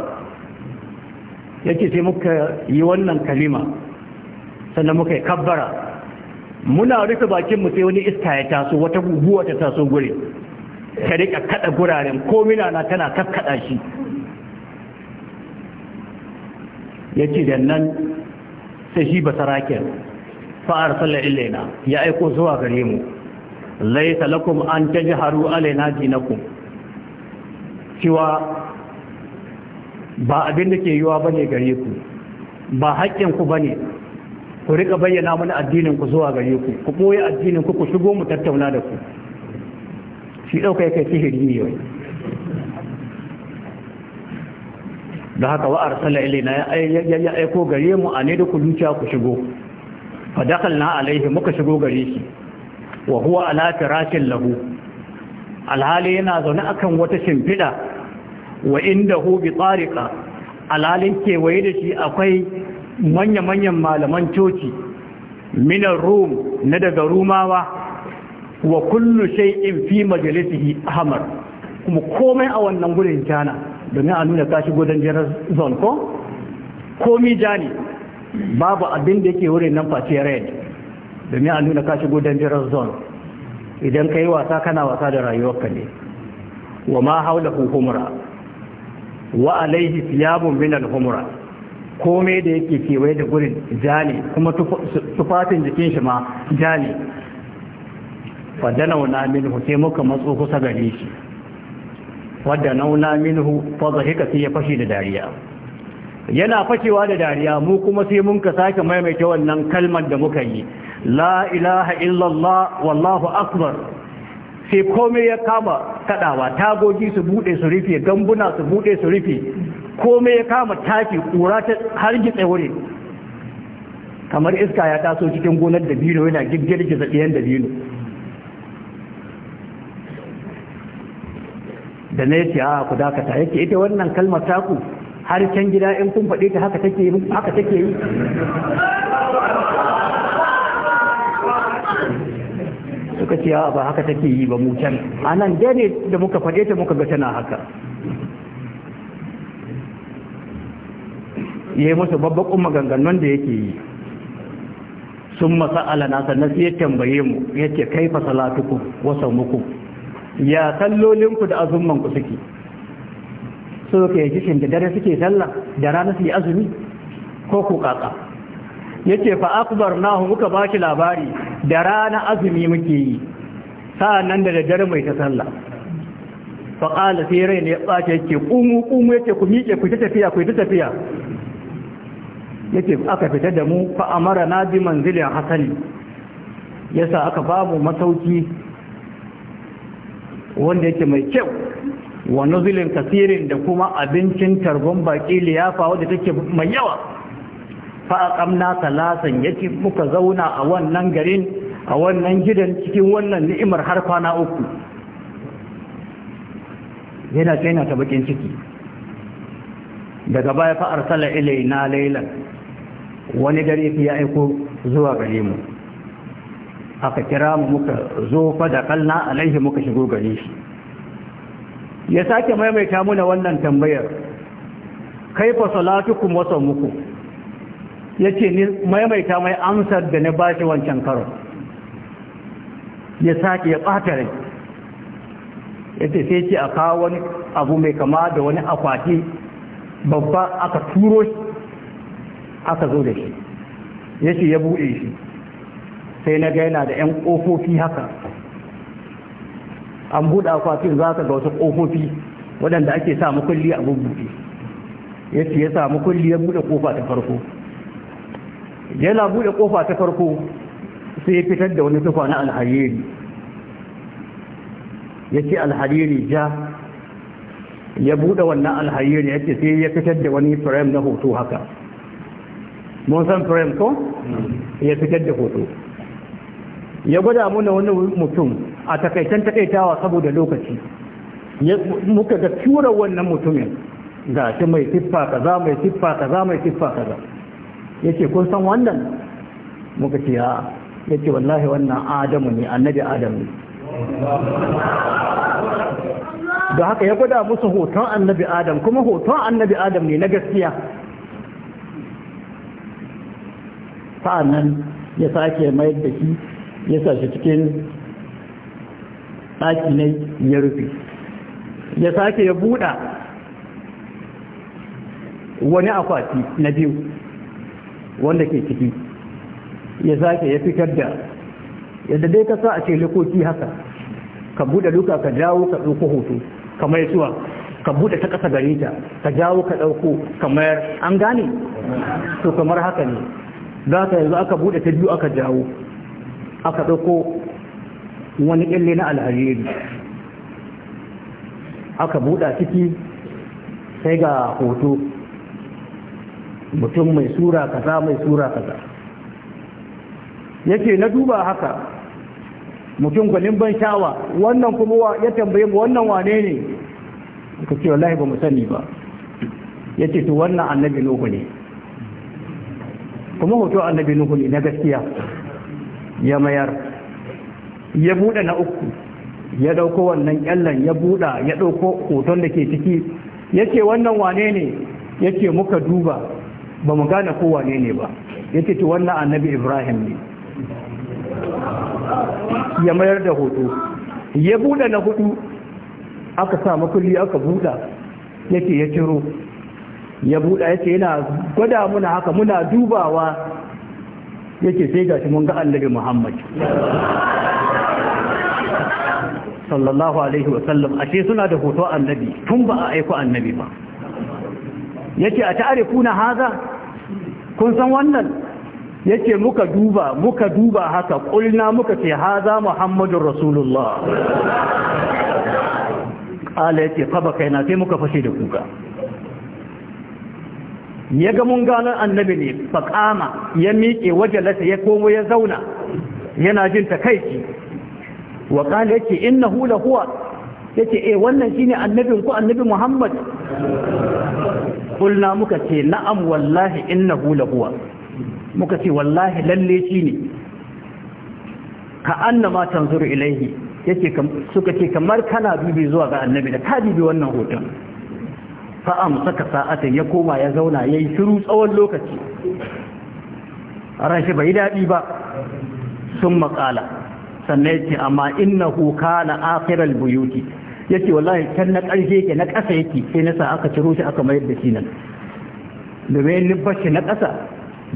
yake sai muka yi wannan kalima sannan muka yi kabbara muna rufe bakin mu sai wani iska ya taso wata guguwa ta taso gure ka rika kada guraren ko na tana kakkada shi ce da nan sai shi basaraken fa'ar sallar ilaina ya aiko zuwa gare mu laisa lakum an ta tajharu alaina dinakum cewa ba abin da ke yiwa bane gare ku ba haƙƙin ku bane ku rika bayyana mana addinin ku zuwa gare ku ku ɓoye addinin ku shigo mu tattauna da ku shi dauka yake sihiri ne yau da haka wa arsala ilaina ya aiko gare mu a ne da ku luciya ku shigo fa na alaihi muka shigo gare shi wa huwa ala firashin lahu alhali yana zaune akan wata shimfiɗa. wa inda hu bi tsarika alalin kewaye da shi akwai manya-manyan malaman coci minar rum na daga rumawa wa kullu shay'in fi majalisihi ahmar kuma komai a wannan gurin jana domin a nuna kashi gudan jirar zon, ko komi jani babu abin da yake wurin nan face red domin a nuna kashi gudan jirar zon. idan ka yi wasa kana wasa da rayuwarka ne wa ma haula hukumura wa alaihi thiyabun min al-humra komai da yake kewaye da gurin jani kuma tufafin jikin shi ma jani fa danauna minhu sai muka matso kusa gare shi wadda nauna minhu fa zahika sai ya fashi da dariya yana fashewa da dariya mu kuma sai mun ka sake maimaita wannan kalmar da muka yi la ilaha illallah wallahu akbar sai komai ya kama kadawa tagogi su bude su rufe gambuna su bude su rufe komai ya kama taki kura ta har gitse wuri kamar iska ya taso cikin gonar dabino yana girgirgiza ɗiyan dabino da na ce, a ku dakata yake ita wannan kalmar taku har can gida in kun faɗi ta haka take yi haka take yi suka ce ba haka take yi ba mu can a da muka faɗe ta muka ga tana haka ya yi musu babbakun maganganun da yake yi sun masa'ala na sannan sai tambaye mu ya ce kai fa salatuku wasan muku ya kallolinku da ku suke so ka yi jishin da dare suke sallah da rana su azumi ko ku kaka yace fa nahu muka shi labari da rana azumi muke yi nan da daddare mai ta sallah fa qala sai rai ne ya tsaka yake kumu kumu yake ku miƙe ku ta tafiya ku ta tafiya yake aka fita da mu fa amara na bi manzilin hasali yasa aka bamu masauki wanda yake mai kyau wa nuzulin kasirin da kuma abincin tarbon baki liyafa wadda take mai yawa fa'aƙamna talasan yake muka zauna a wannan garin a wannan gidan cikin wannan ni'imar har kwana uku yana kaina ta bakin ciki daga baya fa arsala ilai na wani dare ya aiko zuwa gare mu aka kira mu muka zo fa da kalna alaihi muka shigo gare shi ya sake maimaita muna wannan tambayar kaifa salatukum wa muku ya ce ni maimaita mai amsar da na ba shi wancan karo ya sake ya ɓata rai ya ce sai ce a kawo wani abu mai kama da wani akwati babba aka turo shi aka zo da shi ya ce ya buɗe shi sai na gaina da 'yan ƙofofi haka an buɗe akwatin za ka ga wasu ƙofofi waɗanda ake sa makulli a bubbuɗe ya ce ya sa makulli ya buɗe ƙofa ta farko yana buɗe ƙofa ta farko sai ya fitar da wani tufa na alhariri ya ce alhariri ja ya buɗe wannan alhariri ya ce sai ya fitar da wani firayim na hoto haka mun san firayim ko ya fitar da hoto ya gwada muna wani mutum a takaitan takaitawa saboda lokaci muka ga tura wannan mutumin ga shi mai siffa kaza mai siffa kaza mai siffa kaza Yake kun san wannan muka ce ya ce wallahi wannan adamu ne annabi adamu da haka ya gwada musu hoton annabi adam kuma hoton annabi adam ne na gaskiya sa'annan ya sake mayar da shi ya sashi cikin ɗaki ne ya rufe ya sake ya buɗa wani akwati na biyu wanda ke ciki ya sake ya fitar da yadda dai ka sa a ce likoki haka ka buɗe duka ka jawo ka ɗauko hoto kamar suwa ka buɗe ta ƙasa gare ta ka jawo ka ɗauko kamar an gane to kamar haka ne za ka yanzu aka buɗe ta biyu aka jawo aka ɗauko wani ƙyalle na alhariri aka buɗa ciki sai ga hoto mutum mai sura kaza mai sura kaza yake na duba haka mutum gwanin ban shawa wannan kuma ya tambaye mu wannan wane ne ka ce wallahi ba mu sani ba ya ce to wannan annabi nuhu ne kuma hoto annabi nuhu ne na gaskiya ya mayar ya buɗe na uku ya ɗauko wannan ƙyallan ya bude ya ɗauko hoton da ke ciki ya ce wannan wane ne ya ce muka duba ba mu gane kowane ne ba ya ce to wannan annabi ibrahim ne ya mayar da hoto ya buɗe na hudu aka sa makulli aka buɗa ya ce ya ciro ya buɗa ya ce yana gwada muna haka muna dubawa ya ce sai gashi mun ga annabi muhammad sallallahu alaihi wasallam ashe suna da hoto annabi tun ba a aiko annabi ba ya ce a na haza kun san wannan yake muka duba muka duba haka kulna muka ce haza muhammadur rasulullah ala yace fa baka sai muka fashe da kuka ya ga mun gano annabi ne faƙama ya miƙe wajalasa ya komo ya zauna yana jin takaici wa ƙala yake inna hula huwa ya ce eh wannan shine annabin ku annabi muhammad kulna muka ce na'am wallahi innahu lahuwa muka ce wallahi lalle shi ne ka annama tanzuru ilaihi yake suka ce kamar kana dubi zuwa ga annabi da ka dubi wannan hoton fa amsaka sa'atan ya koma ya zauna yayi shiru tsawon lokaci rashi bai bai dadi ba sun makala sannan yace amma innahu kana akhiral buyuti yace wallahi can na ƙarshe yake na ƙasa yake sai na sa aka ciro shi aka mayar da shi nan domin ni shi na ƙasa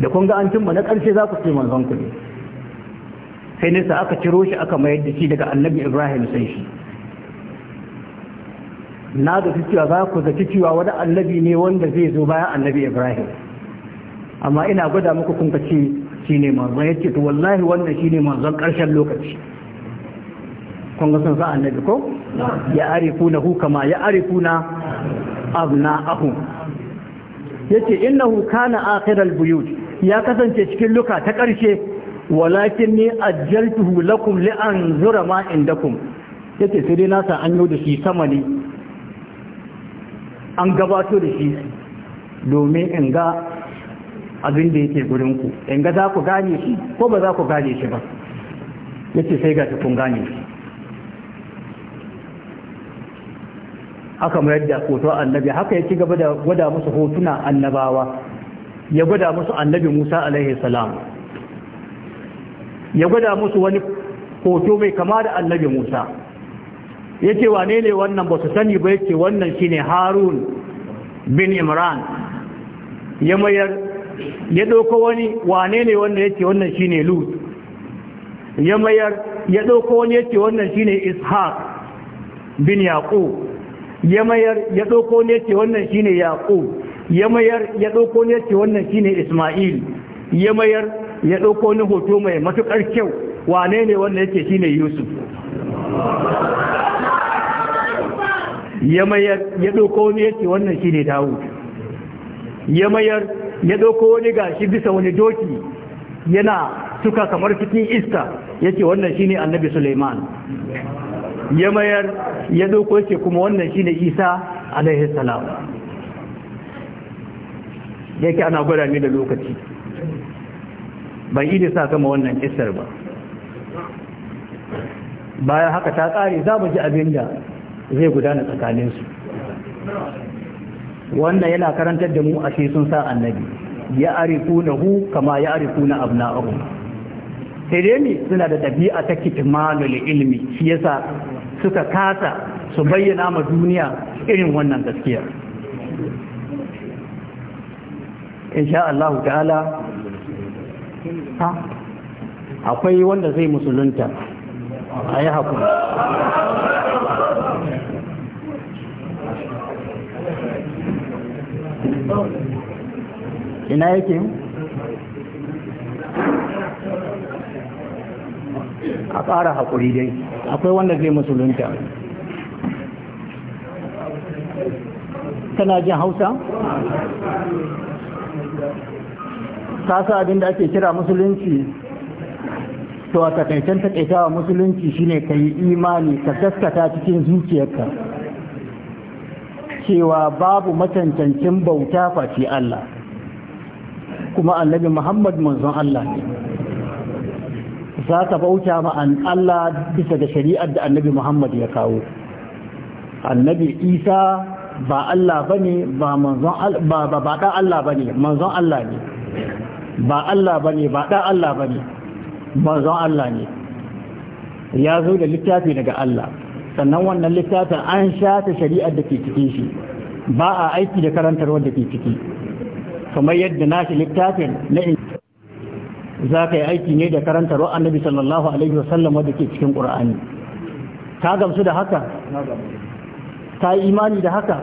da kun ga an cimma na ƙarshe za ku ce manzon ku ne sai sa aka ciro shi aka mayar da shi daga annabi ibrahim sai shi na zaci cewa za ku zaci cewa wani annabi ne wanda zai zo bayan annabi ibrahim amma ina gwada muku kun ka ce shi ne manzon ya ce to wallahi wannan shi ne manzon ƙarshen lokaci kun ga sun sa annabi ko ya arifunahu kama ya arifuna abna'ahum yace innahu kana akhiral buyut ya kasance cikin luka ta ƙarshe walakin ni ajjaltuhu lakum li anzura ma indakum yace sai dai na san an da shi sama ne an gabato da shi domin in ga abin da yake gurin ku in ga za ku gane shi ko ba za ku gane shi ba yace sai ga kun gane shi aka mayar da hoton annabi haka ya ci gaba da gwada musu hotuna annabawa ya gwada musu annabi musa alaihi salam ya gwada musu wani hoto mai kama da annabi musa ya ce wane ne wannan ba su sani ba ya ce wannan shine harun bin imran ya mayar ya ɗauko wani wane ne wannan ya ce wannan shine lut ya mayar ya ɗauko wani ya ce wannan shine ishaq bin yaqub ya mayar ya ɗauko ne ce wannan ne yaqub ya mayar ya ɗauko ne ce wannan shi ne isma'il ya mayar ya ɗauko ne hoto mai matuƙar kyau wane ne wannan yake ne yusuf ya mayar ya ɗauko ne ce wannan shi ne ya mayar ya ɗauko wani gashi bisa wani doki yana suka kamar cikin iska yake wannan shi ne annabi suleiman ya mayar ya doko ce kuma wannan shi ne isa alaihi salam yake ana gwada ne da lokaci ban idi sa kama wannan kisar ba bayan haka ta kare za mu ji abin da zai gudana tsakaninsu wannan yana karantar da mu a sun sa annabi ya arifu na hu kama ya arifu na abu sai dai ne suna da ɗabi'a ta kitmanul ilmi shi yasa suka kasa su bayyana ma duniya irin wannan gaskiya insha Allah ta'ala akwai wanda zai musulunta a yi haƙuri ina yake yi a ƙara haƙuri dai akwai wanda zai musulunta tana jin hausa ta sa abin da ake kira musulunci to a takaicen takaitawa musulunci shine ka yi imani ka gaskata cikin zuciyarka cewa babu macancancin bauta face Allah kuma annabi Muhammad manzon Allah ne za ka bauta ma an Allah bisa ga shari'ar da annabi Muhammad ya kawo annabi Isa ba Allah bane ba manzon ba ba da Allah bane manzon Allah ne ba Allah bane ba da Allah bane manzon Allah ne ya zo da littafi daga Allah sannan wannan littafin an shata shari'ar da ke cikin shi ba a aiki da karantar wanda ke ciki kamar yadda shi littafin na za ka yi aiki ne da karanta ruwa annabi sallallahu alaihi wasallam wadda ke cikin ƙura'ani ta gamsu da haka ta yi imani da haka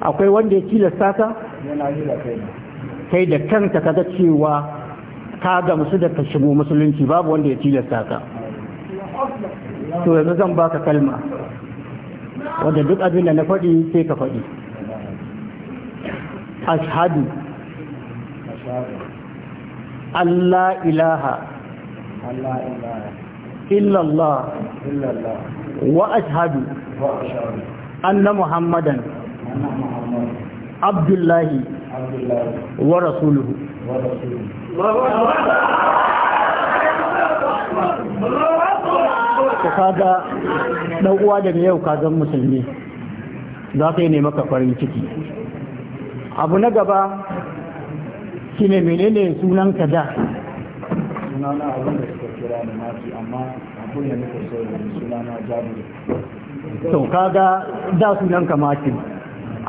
akwai wanda ya tilasta ka kai da kanka ka ga cewa ka gamsu da ka shigo musulunci babu wanda ya tilasta ka to yanzu zan baka kalma wadda duk abin da na faɗi sai ka faɗi ashhadu Allah ilaha illallah wa ashhadu anna muhammadan abdullahi wa rasuluhu ka kaga dan daga yau ka zan musulmi za ka yi ne maka farin ciki abu na gaba shi ne ne sunan ka da sunana abin da suka kira da naki amma abin da muka so da sunana jabiru to kaga da sunan ka maki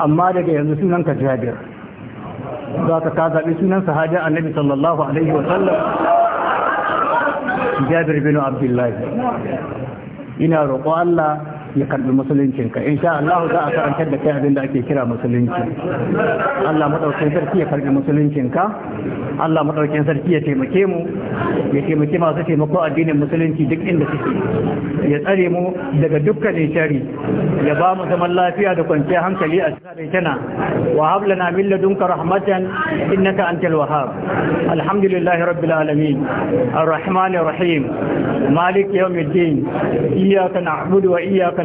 amma daga yanzu sunan ka jabir za ka kaza zaɓi sunan sahabi annabi sallallahu alaihi wa sallam jabir bin abdullahi ina roƙo Allah ya karbi musuluncin ka insha Allah za a karantar da kai abin da ake kira musulunci Allah madaukakin sarki ya karbi musuluncin ka Allah madaukakin sarki ya taimake mu ya taimake masu taimako addinin musulunci duk inda suke ya tsare mu daga dukkanin shari ya ba mu zaman lafiya da kwanciyar hankali a cikin tana wa hab lana min ladunka rahmatan innaka antal wahhab alhamdulillahi rabbil alamin arrahmanir rahim malik yawmiddin iyyaka na'budu wa iyyaka